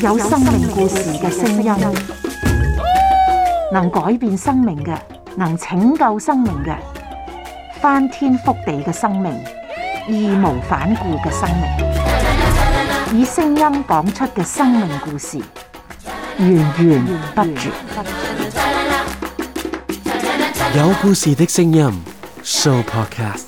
有生命故事嘅聲音，能改變生命嘅，能拯救生命嘅，翻天覆地嘅生命，義無反顧嘅生命，以聲音講出嘅生命故事，源源不絕。有故事嘅聲音，Show Podcast。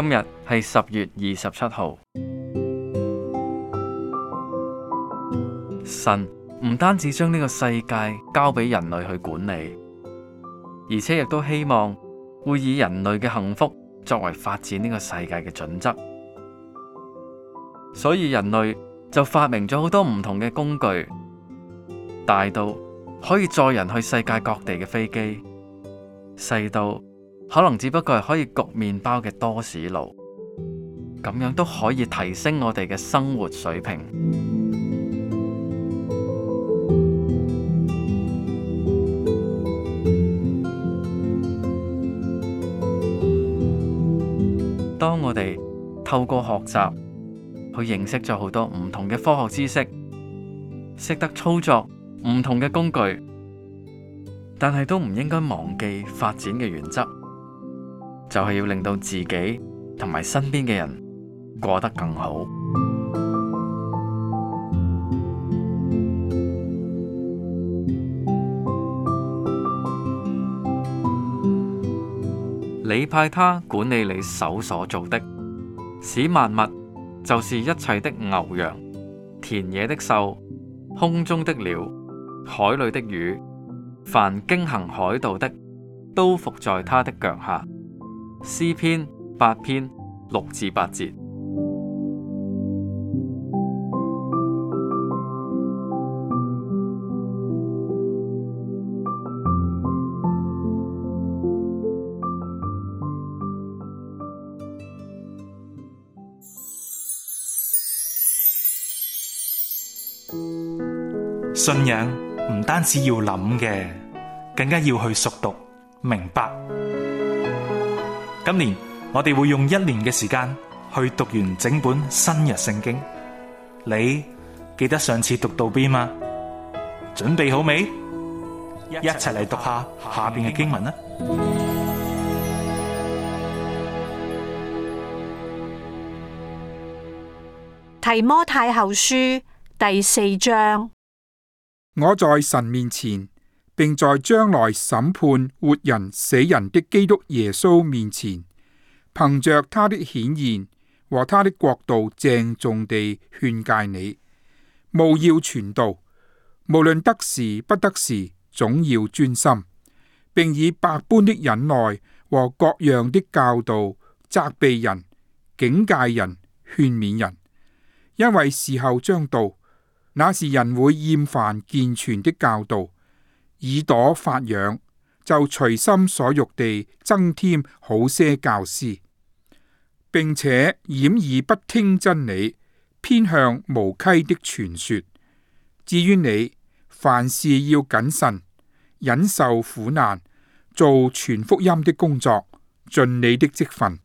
今日係十月二十七號。神唔單止將呢個世界交俾人類去管理，而且亦都希望會以人類嘅幸福作為發展呢個世界嘅準則。所以人類就發明咗好多唔同嘅工具，大到可以載人去世界各地嘅飛機，細到。可能只不過係可以焗麵包嘅多士爐，咁樣都可以提升我哋嘅生活水平。 當我哋透過學習去認識咗好多唔同嘅科學知識，識得操作唔同嘅工具，但係都唔應該忘記發展嘅原則，就係要令到自己同埋身邊嘅人過得更好。你派他管理你手所做的，使萬物就是一切的牛羊、田野的獸、空中的鳥、海裡的魚，凡經行海道的，都伏在他的腳下。詩篇八篇六至八節，信仰唔單止要諗嘅，更加要去熟讀明白。今年我哋會用一年嘅時間去讀完整本新約聖經。你記得上次讀到邊嗎？準備好未？一齊嚟讀下下面嘅經文啦。提摩太後書第四章，我在神面前。並在將來審判活人死人的基督耶穌面前，憑着他的顯現和他的國度鄭重地勸誡你：務要傳道，無論得時不得時，總要專心，並以百般的忍耐和各樣的教導責備人、警戒人、勸勉人，因為時候將到，那是人會厭煩健全的教導。耳朵發癢，就隨心所欲地增添好些教師，並且掩耳不聽真理，偏向無稽的傳說。至於你，凡事要謹慎，忍受苦難，做全福音的工作，盡你的職分。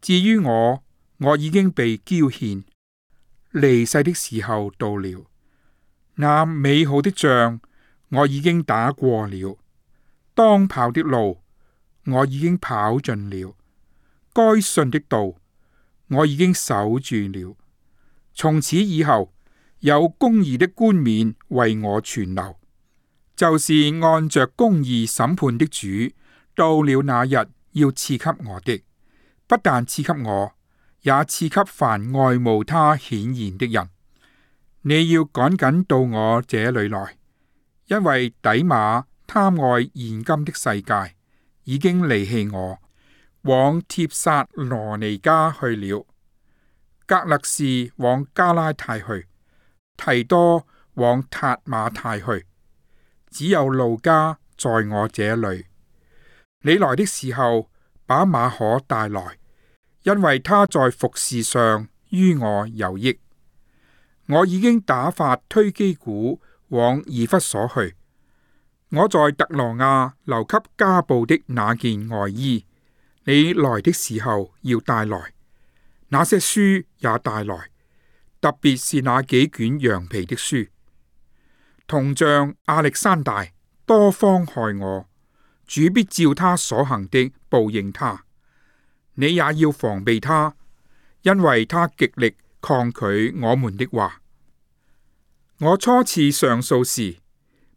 至於我，我已經被交獻，離世的時候到了。那美好的像。我已經打過了，當跑的路我已經跑盡了，該信的道我已經守住了。從此以後，有公義的冠冕為我存留，就是按着公義審判的主，到了那日要賜給我的，不但賜給我，也賜給凡愛慕他顯現的人。你要趕緊到我這裏來。因為底馬貪愛現今的世界，已經離棄我，往帖撒羅尼加去了；格勒士往加拉太去，提多往塔馬太去，只有路加在我這裏。你來的時候，把馬可帶來，因為他在服侍上於我有益。我已經打發推基古。往以弗所去。我在特羅亞留給加布的那件外衣，你來的時候要帶來。那些書也帶來，特別是那幾卷羊皮的書。銅匠亞歷山大多方害我，主必照他所行的報應他。你也要防備他，因為他極力抗拒我們的話。我初次上訴時，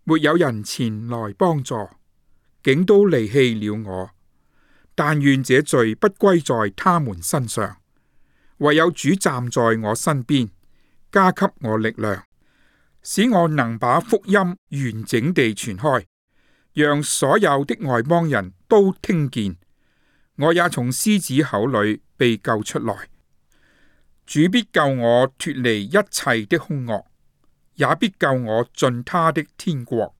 沒有人前來幫助，竟都離棄了我。但願這罪不歸在他們身上。唯有主站在我身邊，加給我力量，使我能把福音完整地傳開，讓所有的外邦人都聽見。我也從獅子口裏被救出來。主必救我脫離一切的兇惡。也必救我進他的天國，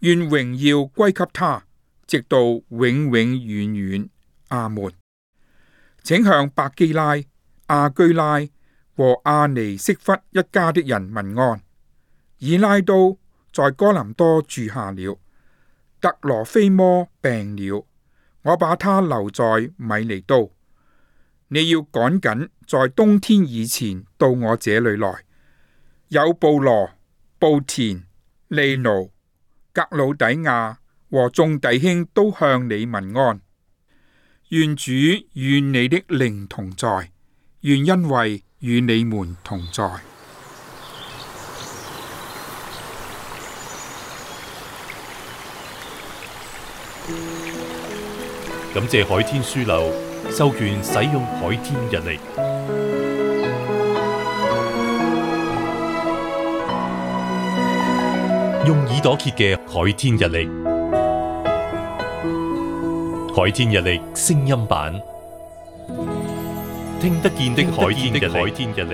願榮耀歸給他，直到永永遠遠。阿門。請向白基拉、阿居拉和阿尼色弗一家的人問安。以拉都在哥林多住下了，特羅菲摩病了，我把他留在米尼都。你要趕緊在冬天以前到我這裏來。有布羅、布田、利奴、格魯底亞和眾弟兄都向你問安，願主與你的靈同在，願恩惠與你們同在。感謝海天書樓授權使用海天日曆。用耳朵揭嘅《海天日曆》，《海天日曆》聲音版，聽得見的《海天日曆》。